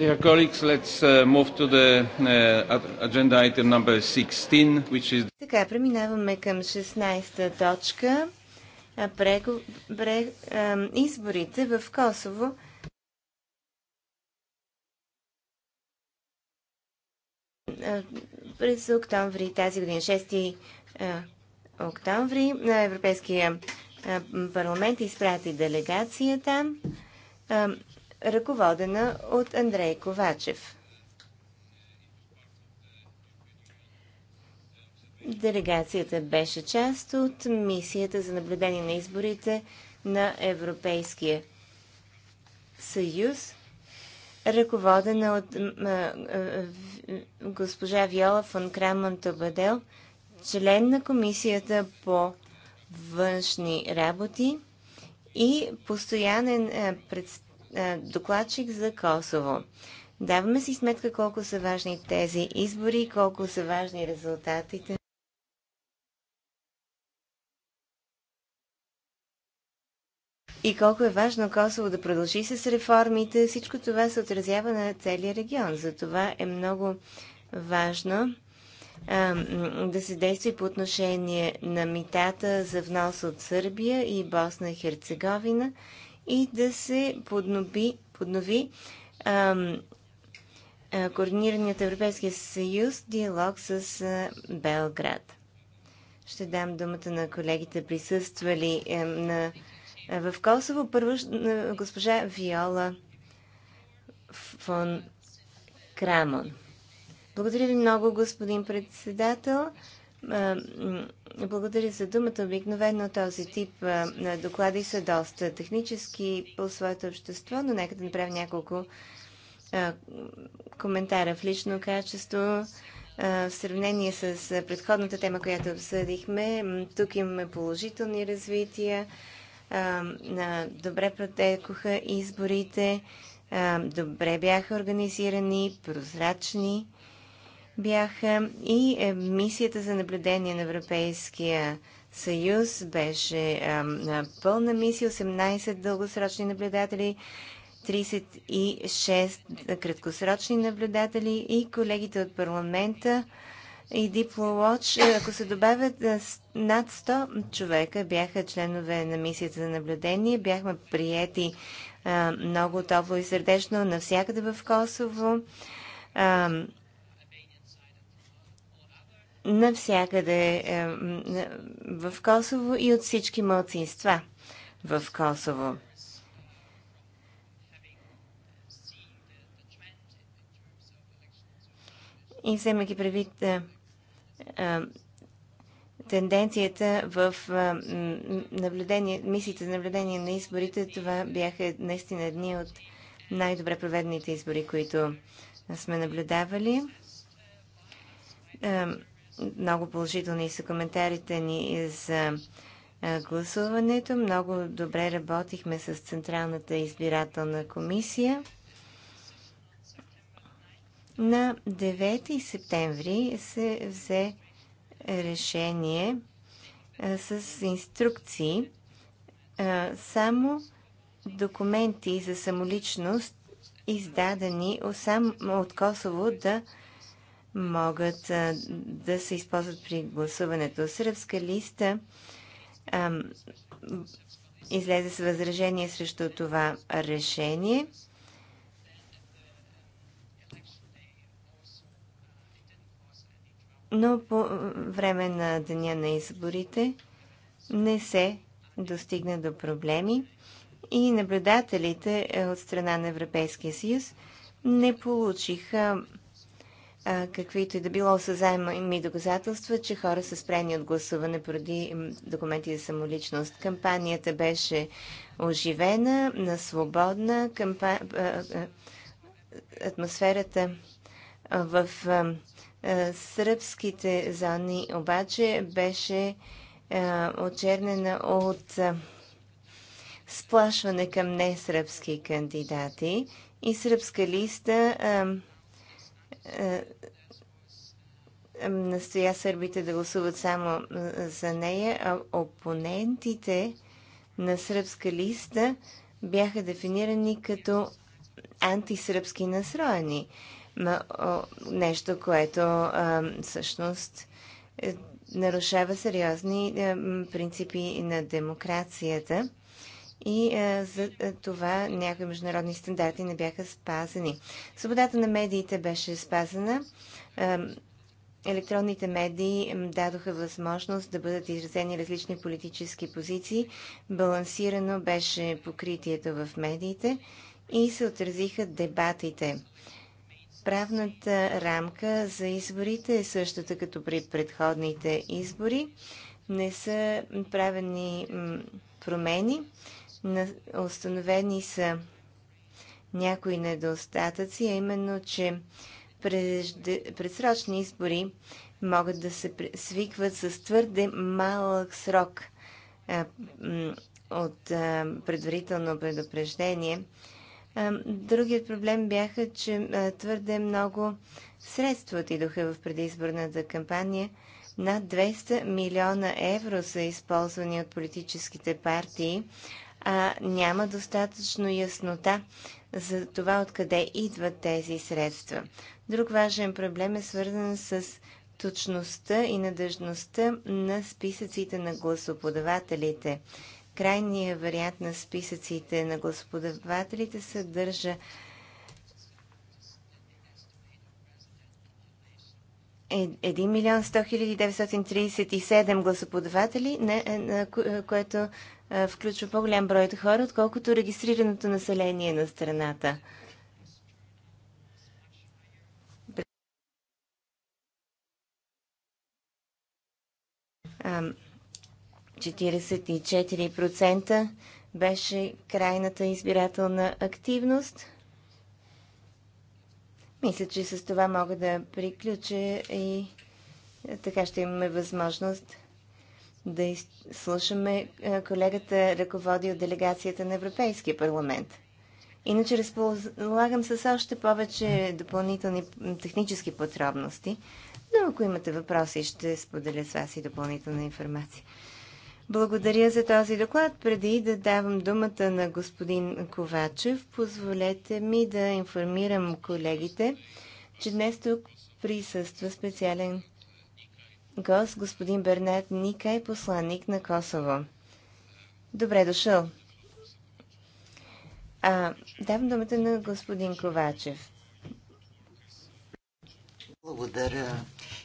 Dear colleagues, let's uh, move to the uh, agenda item number 16, which is... Така, преминаваме към 16-та точка. Брего, бре, изборите в Косово. През октомври тази година, 6 октомври, на Европейския парламент изпрати делегация там ръководена от Андрей Ковачев. Делегацията беше част от мисията за наблюдение на изборите на Европейския съюз, ръководена от госпожа Виола фон Крамон Тобадел, член на Комисията по външни работи и постоянен представител е, докладчик за Косово. Даваме си сметка колко са важни тези избори и колко са важни резултатите. И колко е важно Косово да продължи с реформите, всичко това се отразява на целия регион. Затова е много важно а, да се действа и по отношение на митата за внос от Сърбия и Босна и Херцеговина и да се поднови, поднови ам, а, координираният Европейския съюз диалог с а, Белград. Ще дам думата на колегите присъствали а, на, а, в Косово. Първо а, госпожа Виола фон Крамон. Благодаря ви много, господин председател. Благодаря за думата. Обикновено този тип на доклади са доста технически по своето общество, но нека да направя няколко а, коментара в лично качество. А, в сравнение с предходната тема, която обсъдихме, тук имаме положителни развития. А, добре протекоха изборите, добре бяха организирани, прозрачни бяха и е, мисията за наблюдение на Европейския съюз. Беше пълна мисия, 18 дългосрочни наблюдатели, 36 краткосрочни наблюдатели и колегите от парламента и диплолоч, е, ако се добавят е, над 100 човека, бяха членове на мисията за наблюдение, бяхме приети много топло и сърдечно навсякъде в Косово навсякъде е, в Косово и от всички мълцинства в Косово. И вземайки предвид е, е, тенденцията в наблюдение, мисиите за наблюдение на изборите, това бяха наистина дни от най-добре проведените избори, които сме наблюдавали. Много положителни са коментарите ни за гласуването. Много добре работихме с Централната избирателна комисия. На 9 септември се взе решение с инструкции само документи за самоличност, издадени от Косово да могат да се използват при гласуването. Сръбска листа излезе с възражение срещу това решение. Но по време на деня на изборите не се достигна до проблеми и наблюдателите е, от страна на Европейския съюз не получиха каквито и да било осъзаеми доказателства, че хора са спрени от гласуване поради документи за самоличност. Кампанията беше оживена, на свободна. Кампа... Атмосферата в сръбските зони обаче беше очернена от сплашване към несръбски кандидати и сръбска листа е, настоя сърбите да гласуват само за нея, а опонентите на сръбска листа бяха дефинирани като антисръбски настроени. Нещо, което а, всъщност е, нарушава сериозни е, принципи на демокрацията и а, е, за е, това някои международни стандарти не бяха спазени. Свободата на медиите беше спазена. Е, електронните медии дадоха възможност да бъдат изразени различни политически позиции. Балансирано беше покритието в медиите и се отразиха дебатите. Правната рамка за изборите е същата като при предходните избори. Не са правени промени установени са някои недостатъци, а именно, че предсрочни избори могат да се свикват с твърде малък срок от предварително предупреждение. Другият проблем бяха, че твърде много средства отидоха в предизборната кампания. Над 200 милиона евро са използвани от политическите партии, а няма достатъчно яснота за това откъде идват тези средства. Друг важен проблем е свързан с точността и надъжността на списъците на гласоподавателите. Крайният вариант на списъците на гласоподавателите съдържа е 1 милион 100 хиляди 937 гласоподаватели, което включва по-голям брой от хора, отколкото регистрираното население на страната. А, 44% беше крайната избирателна активност. Мисля, че с това мога да приключа и така ще имаме възможност да изслушаме е, колегата колегата, ръководил делегацията на Европейския парламент. Иначе разполагам с още повече допълнителни технически подробности, но ако имате въпроси, ще споделя с вас и допълнителна информация. Благодаря за този доклад. Преди да давам думата на господин Ковачев, позволете ми да информирам колегите, че днес тук присъства специален гост господин Бернет Никай, е посланник на Косово. Добре дошъл. А, давам думата на господин Ковачев. Благодаря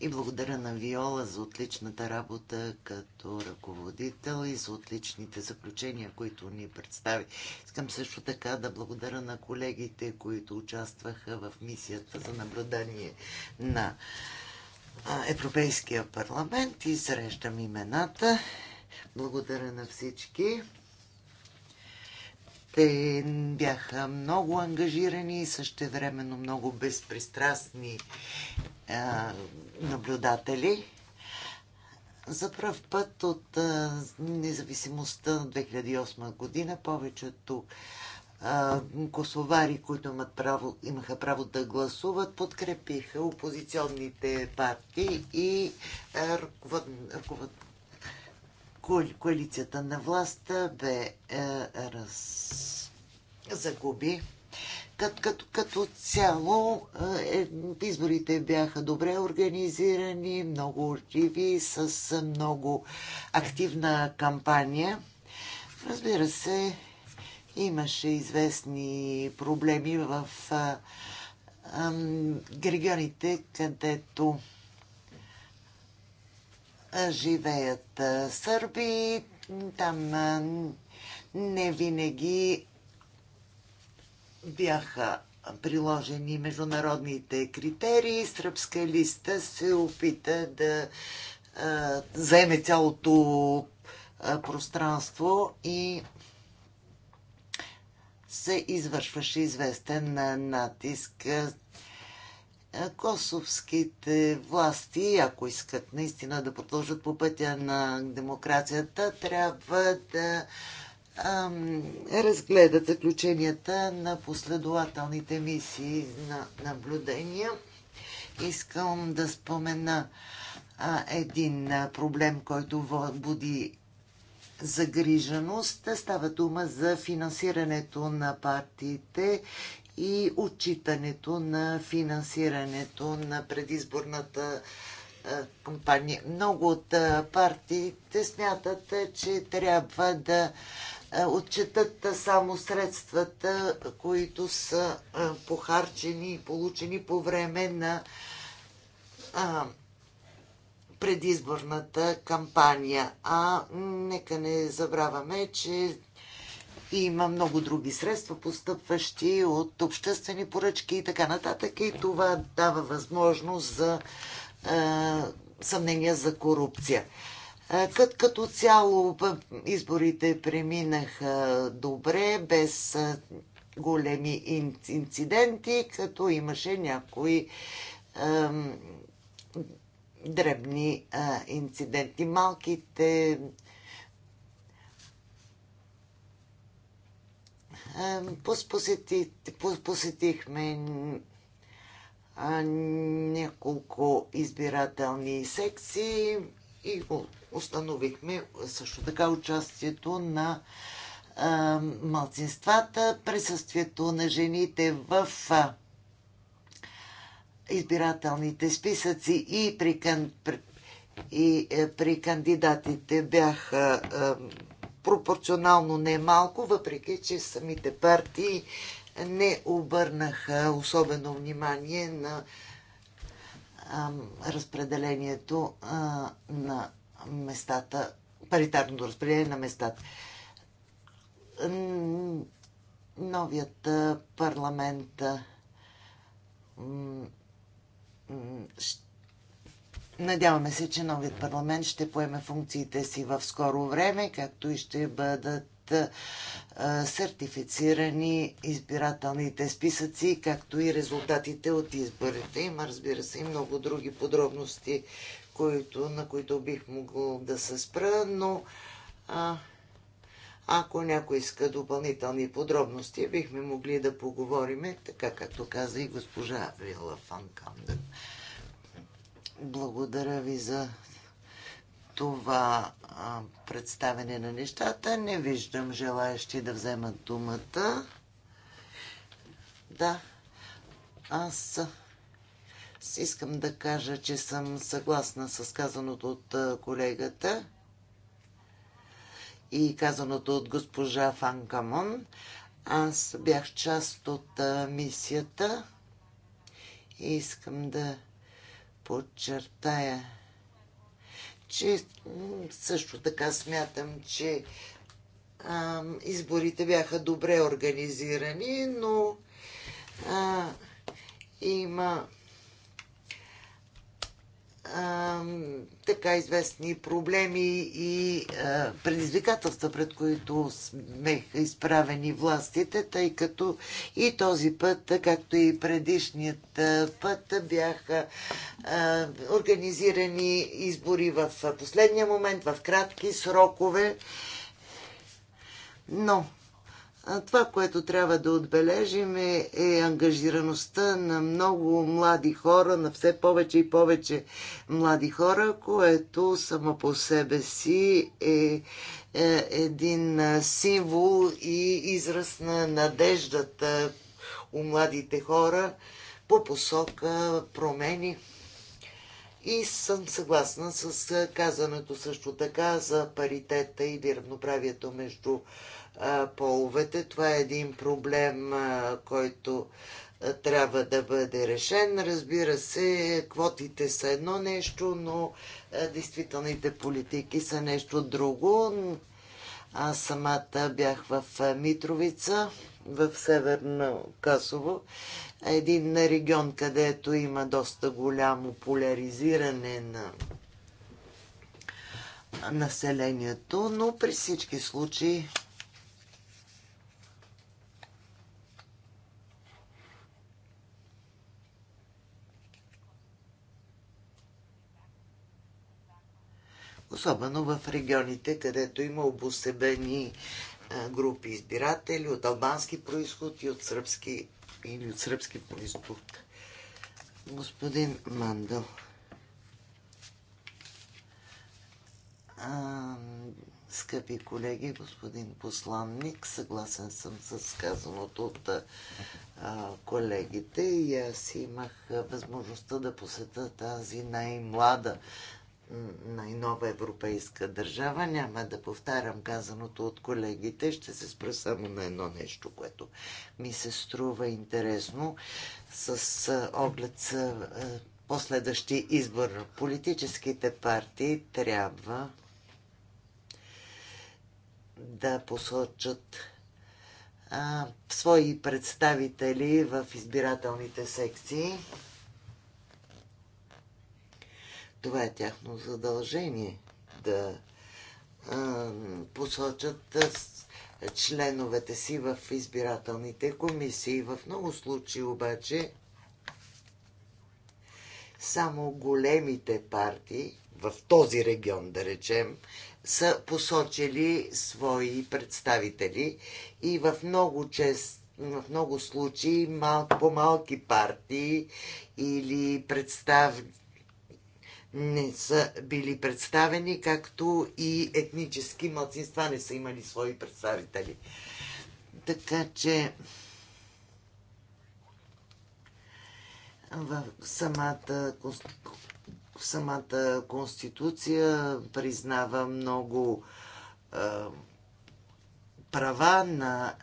и благодаря на Виола за отличната работа като ръководител и за отличните заключения, които ни представи. Искам също така да благодаря на колегите, които участваха в мисията за наблюдание на Европейския парламент. Изреждам имената. Благодаря на всички. Те бяха много ангажирани и същевременно много безпристрастни а, наблюдатели. За пръв път от а, независимостта на 2008 година повечето косовари, които имат право, имаха право да гласуват, подкрепиха опозиционните партии и ръковод, коалицията на властта бе раз, загуби. Като, като, като цяло е, изборите бяха добре организирани, много живи, с много активна кампания. Разбира се, Имаше известни проблеми в а, а, регионите, където живеят сърби. Там а, не винаги бяха приложени международните критерии. Сръбска листа се опита да а, заеме цялото пространство и се извършваше известен натиск. Косовските власти, ако искат наистина да продължат по пътя на демокрацията, трябва да разгледат заключенията на последователните мисии на наблюдения. Искам да спомена а, един проблем, който буди загриженост. Става дума за финансирането на партиите и отчитането на финансирането на предизборната компания. Много от партиите смятат, че трябва да отчетат само средствата, които са похарчени и получени по време на предизборната кампания. А нека не забравяме, че има много други средства, постъпващи от обществени поръчки и така нататък. И това дава възможност за е, съмнения за корупция. Е, кът като цяло изборите преминаха добре, без е, големи инциденти, като имаше някои дребни а, инциденти. Малките посетихме няколко избирателни секции и установихме също така участието на малцинствата, присъствието на жените в а, избирателните списъци и при, кан... и е, при кандидатите бяха е, пропорционално не малко, въпреки че самите партии не обърнаха особено внимание на разпределението на местата, паритарното разпределение на местата. Новият парламент Надяваме се, че новият парламент ще поеме функциите си в скоро време, както и ще бъдат сертифицирани избирателните списъци, както и резултатите от изборите. Има, разбира се, и много други подробности, които, на които бих могъл да се спра, но а, ако някой иска допълнителни подробности, бихме могли да поговорим, така както каза и госпожа Вила Фан Благодаря ви за това а, представене на нещата. Не виждам желаящи да вземат думата. Да, аз искам да кажа, че съм съгласна с казаното от колегата и казаното от госпожа Фан Камон. Аз бях част от мисията и искам да подчертая, че също така смятам, че а, изборите бяха добре организирани, но а, има така известни проблеми и а, предизвикателства, пред които сме изправени властите, тъй като и този път, както и предишният път, бяха а, организирани избори в последния момент, в кратки срокове. Но това, което трябва да отбележим е, е ангажираността на много млади хора, на все повече и повече млади хора, което само по себе си е, е един символ и израз на надеждата у младите хора по посока промени. И съм съгласна с е, казаното също така за паритета и равноправието между половете. Това е един проблем, който трябва да бъде решен. Разбира се, квотите са едно нещо, но действителните политики са нещо друго. Аз самата бях в Митровица, в Северно Касово, един регион, където има доста голямо поляризиране на населението, но при всички случаи особено в регионите, където има обосебени групи избиратели от албански происход и от сръбски или от сръбски происход. Господин Мандъл. А, скъпи колеги, господин посланник, съгласен съм с казаното от а, колегите и аз имах възможността да посета тази най-млада най-нова европейска държава. Няма да повтарям казаното от колегите. Ще се спра само на едно нещо, което ми се струва интересно с оглед последващи избор. Политическите партии трябва да посочат а, свои представители в избирателните секции. Това е тяхно задължение да а, посочат членовете си в избирателните комисии. В много случаи обаче само големите партии в този регион, да речем, са посочили свои представители и в много, чест, в много случаи малко по-малки партии или представители не са били представени, както и етнически младсинства не са имали свои представители. Така че в самата, в самата конституция признава много е, права на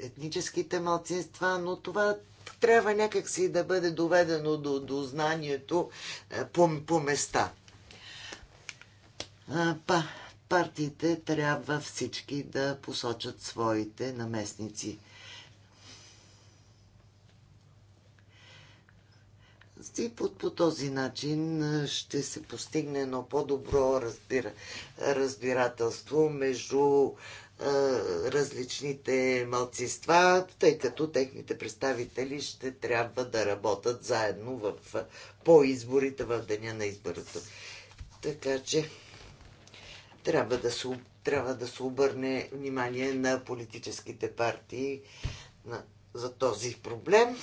е, етническите младсинства, но това трябва някакси да бъде доведено до, до знанието е, по, по места. Е, па, партиите трябва всички да посочат своите наместници. И по, по този начин е, ще се постигне едно по-добро разбира, разбирателство между различните малцинства, тъй като техните представители ще трябва да работят заедно в, по изборите в деня на изборите. Така че трябва да се, трябва да се обърне внимание на политическите партии на, за този проблем.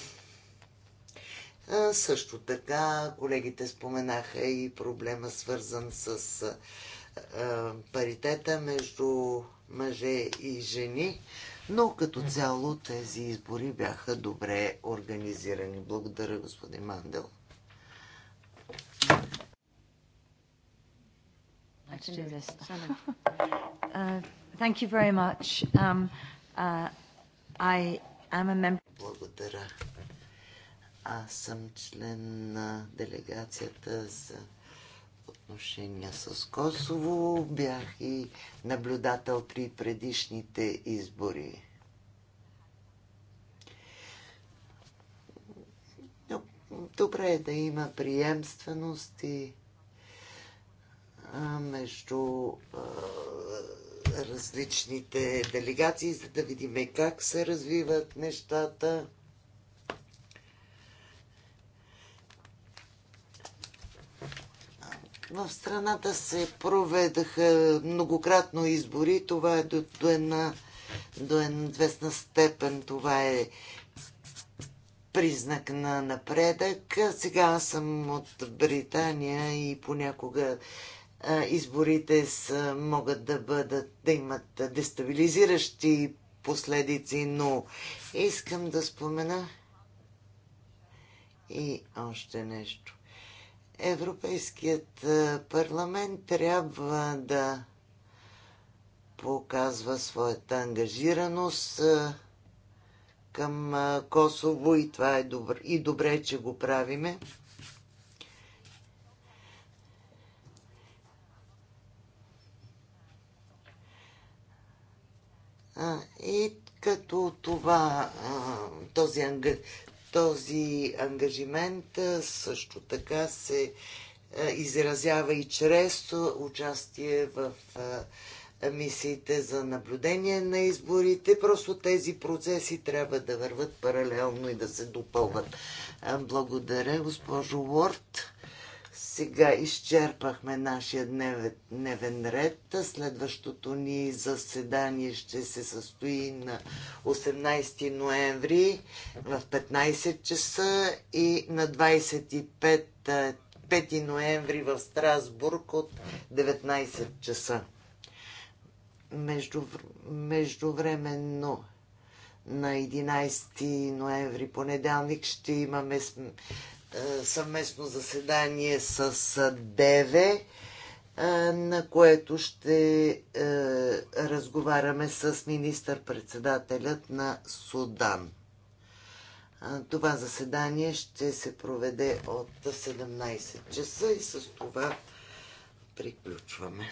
А, също така колегите споменаха и проблема свързан с а, паритета между мъже и жени, но като цяло тези избори бяха добре организирани. Благодаря, господин Мандел. Значи е um, uh, Благодаря. Аз съм член на делегацията за отношения с Косово. Бях и наблюдател при предишните избори. Но добре е да има приемственост и между а, различните делегации, за да видим как се развиват нещата. В страната се проведаха многократно избори. Това е до, до, една, до една известна степен. Това е признак на напредък. Сега аз съм от Британия и понякога а, изборите са, могат да бъдат, да имат дестабилизиращи последици, но искам да спомена и още нещо. Европейският е, парламент трябва да показва своята ангажираност е, към е, Косово и това е добър, и добре, че го правиме. и като това, този, този ангажимент също така се изразява и чрез участие в мисиите за наблюдение на изборите. Просто тези процеси трябва да върват паралелно и да се допълват. Благодаря, госпожо Уорд. Сега изчерпахме нашия дневен, ред. Следващото ни заседание ще се състои на 18 ноември в 15 часа и на 25 5 е, ноември в Страсбург от 19 часа. Между, междувременно на 11 ноември понеделник ще имаме е, съвместно заседание с е, ДВ, е, на което ще разговаряме с министър-председателят на Судан. Това заседание ще се проведе от 17 часа и с това приключваме.